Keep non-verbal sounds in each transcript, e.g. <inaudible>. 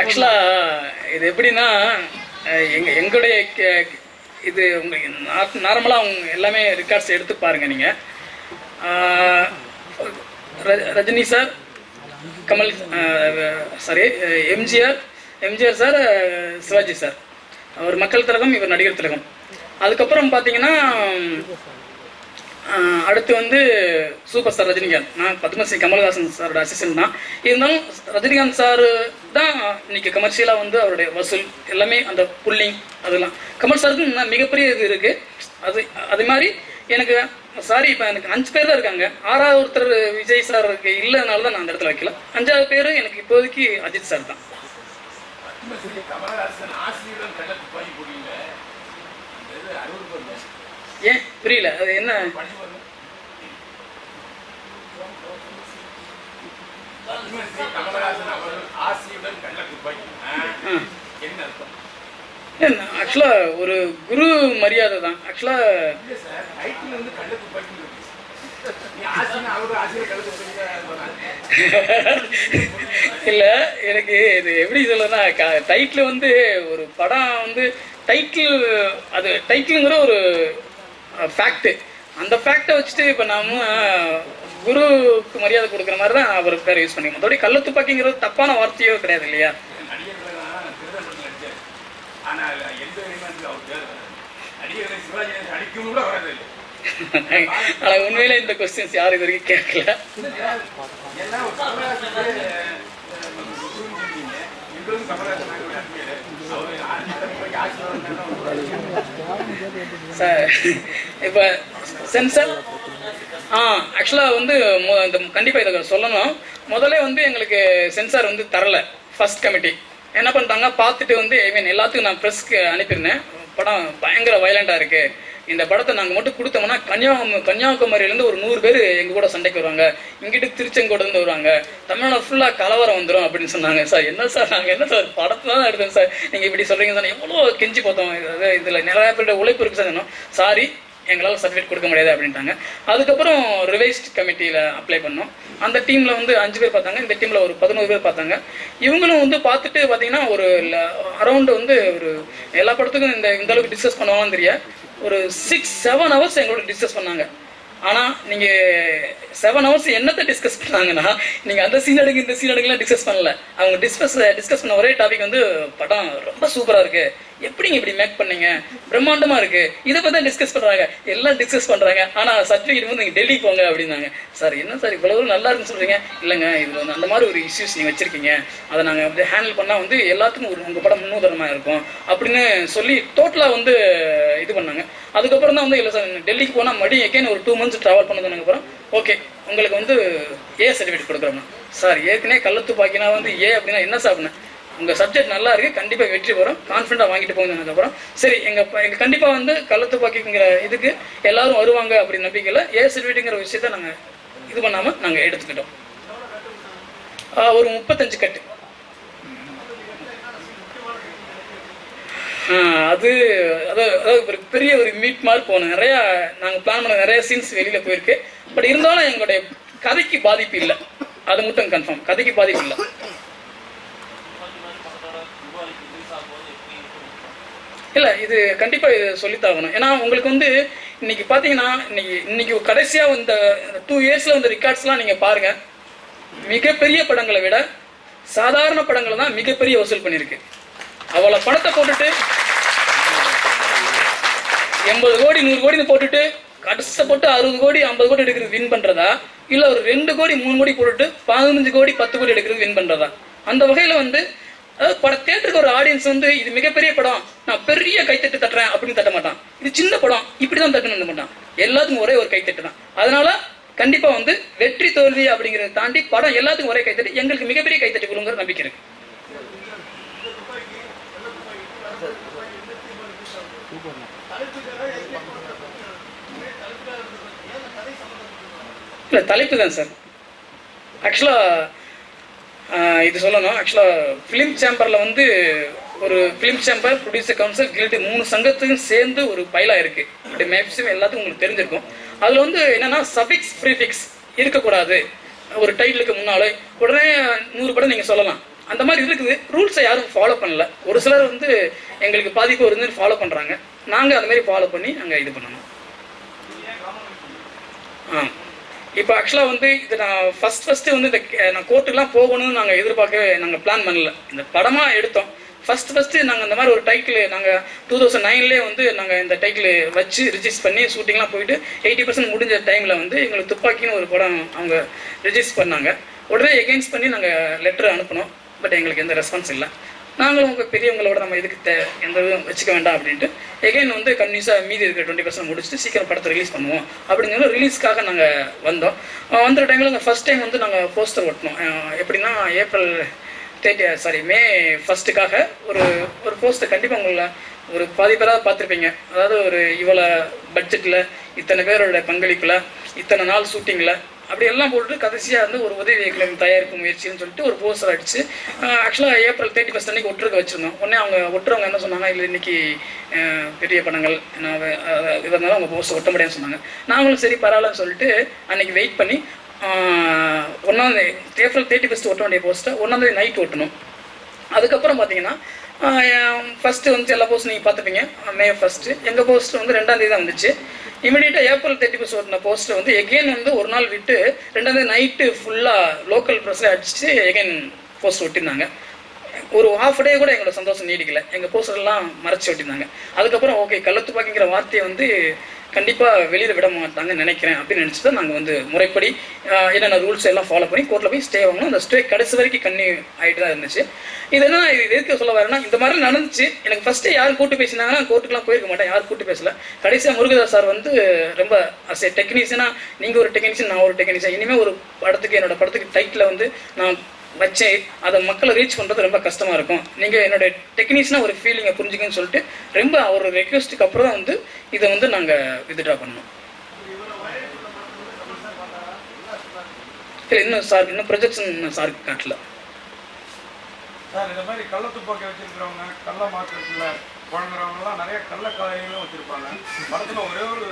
ஆக்சுவலா இது எப்படின்னா எங்கள் எங்களுடைய இது உங்களுக்கு நார்மலாக அவங்க எல்லாமே ரெக்கார்ட்ஸ் எடுத்து பாருங்கள் நீங்கள் Rajini sir Kamal sorry MGR MGR sir Sivaji sir அவர் மக்கள் திலகம் இவர் நடிகர் திலகம் அதுக்கப்புறம் பார்த்தீங்கன்னா அடுத்து வந்து சூப்பர் ஸ்டார் ரஜினிகாந்த் நான் பத்மஸ்ரீ கமல்ஹாசன் சாரோட அசிஸ்டன்ட் தான் இருந்தாலும் ரஜினிகாந்த் சார் தான் இன்னைக்கு கமர்ஷியலாக வந்து அவருடைய வசூல் எல்லாமே அந்த புல்லிங் அதெல்லாம் கமல் சாருக்கு மிகப்பெரிய இது இருக்குது அது அது மாதிரி எனக்கு சாரி இப்போ எனக்கு அஞ்சு பேர் தான் இருக்காங்க ஆறாவது ஒருத்தர் விஜய் சார் இல்லைனால தான் நான் அந்த இடத்துல வைக்கல அஞ்சாவது பேர் எனக்கு இப்போதைக்கு அஜித் சார் தான் ஏன் புரியல அது என்ன ஆக்சுவலா ஒரு குரு மரியாதை தான் ஆக்சுவலா இல்ல எனக்கு இது எப்படி சொல்லணும்னா டைட்டில் வந்து ஒரு படம் வந்து டைட்டில் அது டைட்டிலுங்கிற ஒரு ஃபேக்ட்டு அந்த ஃபேக்டை வச்சுட்டு இப்போ நம்ம குருவுக்கு மரியாதை கொடுக்குற மாதிரி தான் அவர் பேர் யூஸ் பண்ணி மற்றபடி கள்ள துப்பாக்கிங்கிறது தப்பான வார்த்தையோ கிடையாது இல்லையா <laughs> உண்மையில இந்த கொஸ்டின்ஸ் யாரும் இது வரைக்கும் கேட்கல சார் இப்போ சென்சர் ஆ ஆக்சுவலாக வந்து இந்த கண்டிப்பாக இதை சொல்லணும் முதல்ல வந்து எங்களுக்கு சென்சார் வந்து தரல ஃபர்ஸ்ட் கமிட்டி என்ன பண்ணிட்டாங்க பார்த்துட்டு வந்து ஐ மீன் எல்லாத்துக்கும் நான் ப்ரெஸ்க்கு அனுப்பியிருந்தேன் படம் பயங்கர வயலண்ட்டாக இருக்குது இந்த படத்தை நாங்கள் மட்டும் கொடுத்தோம்னா கன்னியாகுமரி கன்னியாகுமரியிலேருந்து ஒரு நூறு பேர் எங்கள் கூட சண்டைக்கு வருவாங்க இங்கிட்டு திருச்செங்கோடுலேருந்து வருவாங்க தமிழ்நாடு ஃபுல்லாக கலவரம் வந்துடும் அப்படின்னு சொன்னாங்க சார் என்ன சார் நாங்கள் என்ன சார் படத்தை தான் எடுத்தோம் சார் நீங்கள் இப்படி சொல்கிறீங்க சார் எவ்வளோ கெஞ்சி பார்த்தோம் அதாவது இதில் நிறையா பேருடைய உழைப்பு இருக்குது சார் சாரி எங்களால் சர்டிஃபிகேட் கொடுக்க முடியாது அப்படின்ட்டாங்க அதுக்கப்புறம் ரிவைஸ்ட் கமிட்டியில் அப்ளை பண்ணோம் அந்த டீமில் வந்து அஞ்சு பேர் பார்த்தாங்க இந்த டீமில் ஒரு பதினோரு பேர் பார்த்தாங்க இவங்களும் வந்து பார்த்துட்டு பார்த்தீங்கன்னா ஒரு அரௌண்டு வந்து ஒரு எல்லா படத்துக்கும் இந்த இந்த அளவுக்கு டிஸ்கஸ் பண்ணுவாங்கன்னு தெரியாது ஒரு சிக்ஸ் செவன் ஹவர்ஸ் எங்களோட டிஸ்கஸ் பண்ணாங்க ஆனால் நீங்கள் செவன் ஹவர்ஸ் என்னத்தை டிஸ்கஸ் பண்ணாங்கன்னா நீங்கள் அந்த சீன் எடுங்க இந்த சீன் எடுங்கலாம் டிஸ்கஸ் பண்ணல அவங்க டிஸ்கஸ் டிஸ்கஸ் பண்ண ஒரே டாபிக் வந்து படம் ரொம்ப சூப்பராக இருக்குது எப்படிங்க இப்படி மேக் பண்ணீங்க பிரம்மாண்டமா இருக்கு இதை பத்தி தான் டிஸ்கஸ் பண்றாங்க எல்லாம் டிஸ்கஸ் பண்றாங்க ஆனா சர்டிஃபிகேட் வந்து நீங்க டெல்லி போங்க அப்படின்னாங்க சார் என்ன சார் இவ்வளவு நல்லா இருக்குன்னு சொல்றீங்க இல்லைங்க இதுல வந்து அந்த மாதிரி ஒரு இஷ்யூஸ் நீங்க வச்சிருக்கீங்க அதை நாங்க அப்படி ஹேண்டில் பண்ணா வந்து எல்லாத்துக்கும் ஒரு உங்க படம் முன்னுதாரணமா இருக்கும் அப்படின்னு சொல்லி டோட்டலா வந்து இது பண்ணாங்க அதுக்கப்புறம் தான் வந்து இல்லை சார் டெல்லிக்கு போனா மறுபடியும் எக்கேன் ஒரு டூ மந்த்ஸ் டிராவல் பண்ணதுக்கு அப்புறம் ஓகே உங்களுக்கு வந்து ஏ சர்டிஃபிகேட் கொடுக்குறோம்னா சார் ஏற்கனவே கள்ளத்து பாக்கினா வந்து ஏ அப்படின்னா என்ன சாப்பிடணும் உங்கள் சப்ஜெக்ட் நல்லா இருக்குது கண்டிப்பாக வெற்றி வரும் கான்ஃபிடண்ட்டாக வாங்கிட்டு போங்க அதுக்கப்புறம் சரி எங்கள் எங்கள் கண்டிப்பாக வந்து கள்ளத்துப்பாக்கிங்கிற இதுக்கு எல்லாரும் வருவாங்க அப்படின்னு நம்பிக்கையில் ஏ சர்டிஃபிகேட்டுங்கிற விஷயத்த நாங்கள் இது பண்ணாமல் நாங்கள் எடுத்துக்கிட்டோம் ஒரு முப்பத்தஞ்சு கட்டு அது அதாவது ஒரு பெரிய ஒரு மீட் மாதிரி போனோம் நிறையா நாங்கள் பிளான் பண்ண நிறைய சீன்ஸ் வெளியில் போயிருக்கு பட் இருந்தாலும் எங்களுடைய கதைக்கு பாதிப்பு இல்லை அது மட்டும் கன்ஃபார்ம் கதைக்கு பாதிப்பு இல்லை இல்லை இது கண்டிப்பாக இது சொல்லித்தாகணும் ஏன்னா உங்களுக்கு வந்து இன்னைக்கு பார்த்தீங்கன்னா இன்னைக்கு இன்னைக்கு கடைசியாக வந்த டூ இயர்ஸில் வந்த ரெக்கார்ட்ஸ்லாம் நீங்கள் பாருங்கள் மிகப்பெரிய படங்களை விட சாதாரண படங்கள் தான் மிகப்பெரிய வசூல் பண்ணியிருக்கு அவ்வளோ பணத்தை போட்டுட்டு எண்பது கோடி நூறு கோடின்னு போட்டுட்டு போட்டு அறுபது கோடி ஐம்பது கோடி எடுக்கிறது வின் பண்ணுறதா இல்லை ஒரு ரெண்டு கோடி மூணு கோடி போட்டுட்டு பதினஞ்சு கோடி பத்து கோடி எடுக்கிறது வின் பண்ணுறதா அந்த வகையில் வந்து அதாவது படம் தேட்டருக்கு ஒரு ஆடியன்ஸ் வந்து இது மிகப்பெரிய படம் நான் பெரிய கைத்தட்டு தட்டுறேன் அப்படின்னு தட்ட மாட்டான் இது சின்ன படம் இப்படிதான் தட்டணும் மாட்டான் எல்லாத்துக்கும் ஒரே ஒரு கைத்தட்டு தான் அதனால கண்டிப்பா வந்து வெற்றி தோல்வி அப்படிங்கறத தாண்டி படம் எல்லாத்துக்கும் ஒரே கைத்தட்டு எங்களுக்கு மிகப்பெரிய கைத்தட்டு கொடுங்கிற நம்பிக்கை இருக்கு இல்லை தலைப்பு தான் சார் ஆக்சுவலா இது சொல்லணும் ஆக்சுவலாக ஃபிலிம் சேம்பரில் வந்து ஒரு film chamber producer council guild மூணு சங்கத்துக்கும் சேர்ந்து ஒரு பைலாக இருக்குது மேக்ஸிமம் எல்லாத்துக்கும் உங்களுக்கு தெரிஞ்சிருக்கும் அதில் வந்து என்னென்னா சஃபிக்ஸ் ப்ரீஃபிக்ஸ் இருக்கக்கூடாது ஒரு டைட்டிலுக்கு முன்னாலே உடனே நூறு படம் நீங்கள் சொல்லலாம் அந்த மாதிரி இருக்குது ரூல்ஸை யாரும் ஃபாலோ பண்ணல ஒரு சிலர் வந்து எங்களுக்கு பாதிப்பு வருதுன்னு ஃபாலோ பண்ணுறாங்க நாங்கள் அந்த மாதிரி ஃபாலோ பண்ணி நாங்கள் இது பண்ணணும் ஆ இப்போ ஆக்சுவலாக வந்து இது நான் ஃபஸ்ட் ஃபஸ்ட்டு வந்து இந்த நான் கோர்ட்டுக்குலாம் போகணும்னு நாங்கள் எதிர்பார்க்கவே நாங்கள் பிளான் பண்ணல இந்த படமாக எடுத்தோம் ஃபஸ்ட் ஃபஸ்ட்டு நாங்கள் இந்த மாதிரி ஒரு டைட்டில் நாங்கள் டூ தௌசண்ட் நைன்லேயே வந்து நாங்கள் இந்த டைட்டில் வச்சு ரிஜிஸ்ட் பண்ணி ஷூட்டிங்லாம் போயிட்டு எயிட்டி பர்சன்ட் முடிஞ்ச டைமில் வந்து எங்களுக்கு துப்பாக்கின்னு ஒரு படம் அவங்க ரிஜிஸ்ட் பண்ணாங்க உடனே எகெயின்ஸ் பண்ணி நாங்கள் லெட்டர் அனுப்பினோம் பட் எங்களுக்கு எந்த ரெஸ்பான்ஸ் இல்லை நாங்களும் உங்கள் பெரியவங்களோட நம்ம எதுக்கு தே எந்த இதுவும் வச்சுக்க வேண்டாம் அப்படின்ட்டு எகைன் வந்து கன்யூஸாக மீதி இருக்கிற டுவெண்ட்டி பர்சன்ட் முடிச்சுட்டு சீக்கிரம் படத்தை ரிலீஸ் பண்ணுவோம் அப்படிங்கிற ரிலீஸ்க்காக நாங்கள் வந்தோம் வந்த டைமில் அந்த ஃபஸ்ட் டைம் வந்து நாங்கள் போஸ்டர் ஒட்டினோம் எப்படின்னா ஏப்ரல் தேர்ட்டி சாரி மே ஃபஸ்ட்டுக்காக ஒரு ஒரு போஸ்டர் கண்டிப்பாக உங்களை ஒரு பாதி பேராக பார்த்துருப்பீங்க அதாவது ஒரு இவ்வளோ பட்ஜெட்டில் இத்தனை பேரோட பங்களிப்பில் இத்தனை நாள் ஷூட்டிங்கில் அப்படி எல்லாம் போட்டு கடைசியாக வந்து ஒரு உதவி இயக்கம் தயாரிப்பு முயற்சின்னு சொல்லிட்டு ஒரு போஸ்டர் அடிச்சு ஆக்சுவலாக ஏப்ரல் தேர்ட்டி ஃபஸ்ட் அன்னைக்கு ஒட்டுருக்க வச்சுருந்தோம் உடனே அவங்க ஒட்டுறவங்க என்ன சொன்னாங்க இல்லை இன்றைக்கி பெரிய படங்கள் நான் இதனால அவங்க போஸ்டர் ஒட்ட முடியாதுன்னு சொன்னாங்க நாங்களும் சரி பரவாயில்லன்னு சொல்லிட்டு அன்றைக்கி வெயிட் பண்ணி ஒன்றாந்தேதி ஏப்ரல் தேர்ட்டி ஃபஸ்ட்டு ஒட்ட வேண்டிய போஸ்டர் ஒன்றாந்தேதி நைட் ஒட்டணும் அதுக்கப்புறம் பார்த்தீங்கன்னா ஃபஸ்ட்டு வந்து எல்லா போஸ்ட் நீங்கள் பார்த்துப்பீங்க மே ஃபஸ்ட்டு எங்கள் போஸ்ட் வந்து ரெண்டாம் தேதி தான் வந்துச்சு இமீடியட்டாக ஏப்ரல் தேர்ட்டி ஃபஸ்ட் ஓட்டின போஸ்ட்டில் வந்து எகெயின் வந்து ஒரு நாள் விட்டு ரெண்டாம் தேதி நைட்டு ஃபுல்லாக லோக்கல் ப்ரெஸ்ஸில் அடிச்சுட்டு எகெயின் போஸ்ட் ஒட்டினாங்க ஒரு ஹாஃப் டே கூட எங்களோட சந்தோஷம் நீடிக்கல எங்கள் போஸ்டர்லாம் மறைச்சி விட்டுருந்தாங்க அதுக்கப்புறம் ஓகே கள்ளத்துப்பாக்கிங்கிற வார்த்தையை வந்து கண்டிப்பாக வெளியில் விட மாட்டாங்க நினைக்கிறேன் அப்படின்னு நினச்சி தான் நாங்கள் வந்து முறைப்படி என்னென்ன ரூல்ஸ் எல்லாம் ஃபாலோ பண்ணி கோர்ட்டில் போய் ஸ்டே வாங்கணும் அந்த ஸ்டே கடைசி வரைக்கும் கண்ணி ஆகிட்டு தான் இருந்துச்சு இது என்ன இது எதுக்கு சொல்ல வரேன்னா இந்த மாதிரி நடந்துச்சு எனக்கு ஃபஸ்ட்டு யார் கூட்டு பேசினாங்கன்னா கோர்ட்டுக்குலாம் போயிருக்க மாட்டேன் யார் கூட்டு பேசல கடைசியாக முருகதாஸ் சார் வந்து ரொம்ப அஸ் டெக்னீஷியனாக நீங்கள் ஒரு டெக்னீஷியன் நான் ஒரு டெக்னீஷியன் இனிமேல் ஒரு படத்துக்கு என்னோட படத்துக்கு டைட்டில் வந்து நான் வச்சு அதை மக்களை ரீச் பண்ணுறது ரொம்ப கஷ்டமாக இருக்கும் நீங்கள் என்னோட டெக்னீஷியனாக ஒரு ஃபீலிங்கை புரிஞ்சுக்கன்னு சொல்லிட்டு ரொம்ப அவர் ரெக்வெஸ்ட்டுக்கு அப்புறம் தான் வந்து இதை வந்து நாங்கள் வித்ட்ரா பண்ணோம் இல்லை இன்னும் சார் இன்னும் ப்ரொஜெக்ஷன் இன்னும் சாருக்கு காட்டல சார் இந்த மாதிரி கள்ள துப்பாக்கி வச்சிருக்கிறவங்க கள்ள மார்க்கெட்டில் வழங்குறவங்கலாம் நிறைய கள்ள காயங்களும் வச்சுருப்பாங்க படத்தில் ஒரே ஒரு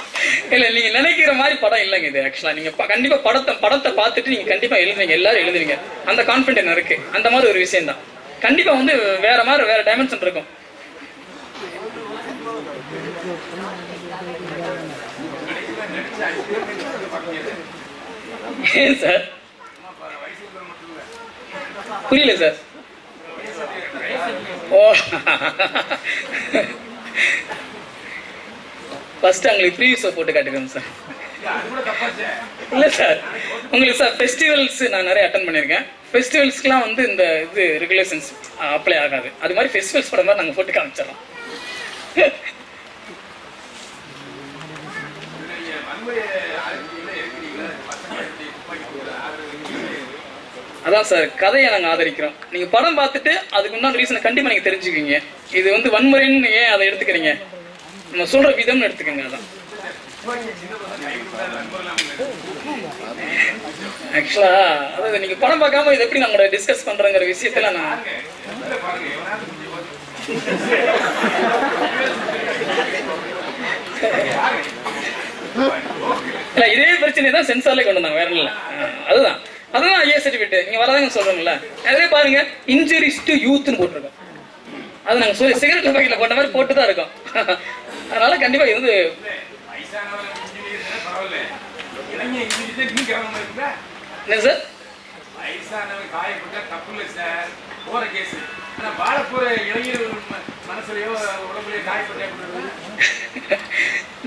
<laughs> இல்ல நீங்க நினைக்கிற மாதிரி படம் இல்லைங்க இது ஆக்சுவலா நீங்க கண்டிப்பா படத்தை படத்தை பார்த்துட்டு நீங்க கண்டிப்பா எழுதுவீங்க எல்லாரும் எழுதுவீங்க அந்த என்ன இருக்கு அந்த மாதிரி ஒரு விஷயம் தான் கண்டிப்பா வந்து வேற மாதிரி வேற டைமென்ஷன் இருக்கும் சார் புரியல சார் ஓ ஃபர்ஸ்ட் அவங்களுக்கு ப்ரீ யூஸை போட்டு காட்டுக்கிறேன் சார் இல்ல சார் உங்களுக்கு சார் ஃபெஸ்டிவல்ஸ் நான் நிறைய அட்டன் பண்ணியிருக்கேன் ஃபெஸ்டிவல்ஸ்க்குலாம் வந்து இந்த இது ரெகுலேஷன்ஸ் அப்ளை ஆகாது அது மாதிரி ஃபெஸ்டிவல்ஸ் படம் தான் நாங்கள் போட்டு காமிச்சிடறோம் அதான் சார் கதையை நாங்கள் ஆதரிக்கிறோம் நீங்கள் படம் பார்த்துட்டு அதுக்கு முன்னாடி ரீசனை கண்டிப்பாக நீங்கள் தெரிஞ்சுக்கிங்க இது வந்து வன்முறைன்னு ஏன் அதை எடுத்துக்கிறீங்க நம்ம சொல்ற விதம்னு எடுத்துக்கோங்க அதான் ஆக்சுவலா அதாவது நீங்க படம் பார்க்காம இது எப்படி நம்ம டிஸ்கஸ் பண்றங்கிற விஷயத்துல நான் இல்ல இதே பிரச்சனை தான் சென்சார்ல கொண்டு வந்தாங்க வேற இல்ல அதுதான் அதுதான் ஐஏ சர்டிபிகேட் நீங்க வரதாங்க சொல்றீங்களா அதே பாருங்க இன்ஜுரிஸ் டு யூத்னு போட்டிருக்கேன் அது நாங்கள் சொல்லி சிகரெட் பாக்கெட்டில் போட்ட மாதிரி போட்டு தான் இருக்கோம் அதனால கண்டிப்பாக இது என்ன சார் வயசானவர்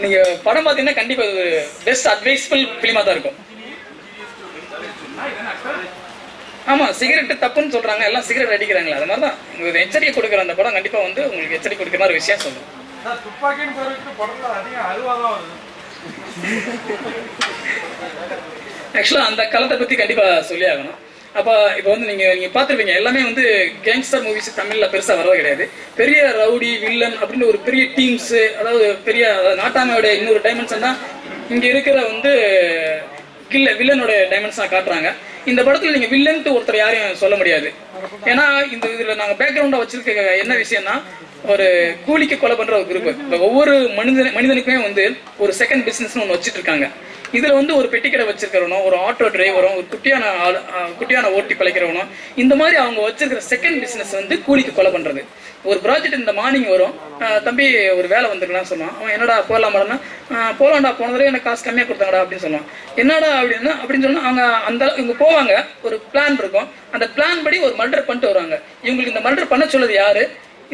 நீங்க படம் பார்த்தீங்கன்னா கண்டிப்பாக பெஸ்ட் அட்வைஸ்ஃபுல் ஃபிலிமாக தான் இருக்கும் ஆமாம் சிகரெட்டு தப்புன்னு சொல்கிறாங்க எல்லாம் சிகரெட் அடிக்கிறாங்களா அது மாதிரி தான் உங்களுக்கு எச்சரிக்கை கொடுக்குற அந்த படம் கண்டிப்பாக வந்து உங்களுக்கு எச்சரிக்கை கொடுக்குற மாதிரி விஷயம் சொல்லும் ஆக்சுவலாக அந்த காலத்தை பற்றி கண்டிப்பாக சொல்லி ஆகணும் அப்போ இப்போ வந்து நீங்கள் நீங்கள் பார்த்துருப்பீங்க எல்லாமே வந்து கேங்ஸ்டர் மூவிஸ் தமிழில் பெருசாக வரவே கிடையாது பெரிய ரவுடி வில்லன் அப்படின்னு ஒரு பெரிய டீம்ஸு அதாவது பெரிய நாட்டாமையோட இன்னொரு டைமென்ஷன் தான் இங்கே இருக்கிற வந்து கில்ல வில்லனோட டைமென்ஷனாக காட்டுறாங்க இந்த படத்தில் நீங்கள் வில்லன்ட்டு ஒருத்தர் யாரையும் சொல்ல முடியாது ஏன்னா இந்த இதுல நாங்க பேக்ரவுண்டா வச்சிருக்க என்ன விஷயம்னா ஒரு கூலிக்கு கொலை பண்ற ஒரு குரூப் ஒவ்வொரு மனிதனுக்குமே வந்து ஒரு செகண்ட் பிசினஸ் ஒன்று வச்சுட்டு இருக்காங்க இதுல வந்து ஒரு பெட்டிக்கடை வச்சிருக்கிறவனும் ஒரு ஆட்டோ டிரைவரும் ஒரு குட்டியான குட்டியான ஓட்டி பழைக்கிறவனும் இந்த மாதிரி அவங்க வச்சிருக்கிற செகண்ட் பிசினஸ் வந்து கூலிக்கு கொலை பண்றது ஒரு ப்ராஜெக்ட் இந்த மார்னிங் வரும் தம்பி ஒரு வேலை வந்துருக்கலாம் சொன்னான் அவன் என்னடா போகலாம் போகலாம்டா போன எனக்கு காசு கம்மியாக கொடுத்தாங்கடா அப்படின்னு சொல்லுவான் என்னடா அப்படின்னா அப்படின்னு சொன்னா அவங்க அந்த இவங்க போவாங்க ஒரு பிளான் இருக்கும் அந்த பிளான் படி ஒரு மல்டி மர்டர் பண்ணிட்டு வருவாங்க இவங்களுக்கு இந்த மர்டர் பண்ண சொல்லுது யாரு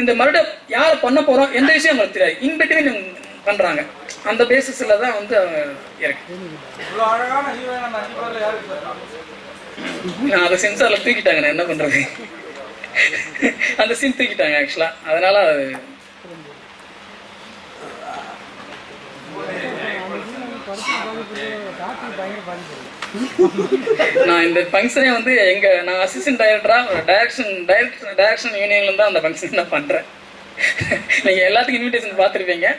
இந்த மர்டர் யார் பண்ண போறோம் எந்த விஷயம் அவங்களுக்கு தெரியாது இன்பிட்வீன் பண்றாங்க அந்த பேசிஸ்ல தான் வந்து அவங்க இருக்கு அந்த சென்சார்ல தூக்கிட்டாங்க நான் என்ன பண்றது அந்த சீன் தூக்கிட்டாங்க ஆக்சுவலா அதனால அது பயங்கர பாதிப்பு <laughs> நான் இந்த ஃபங்க்ஷனே வந்து எங்க நான் அசிஸ்டன்ட் டைரக்டரா டைரக்ஷன் டைரக்டர் டைரக்ஷன் யூனியன்ல தான் அந்த ஃபங்க்ஷன் நான் பண்றேன் நீங்க எல்லாத்துக்கும் இன்விடேஷன் பார்த்துருப்பீங்க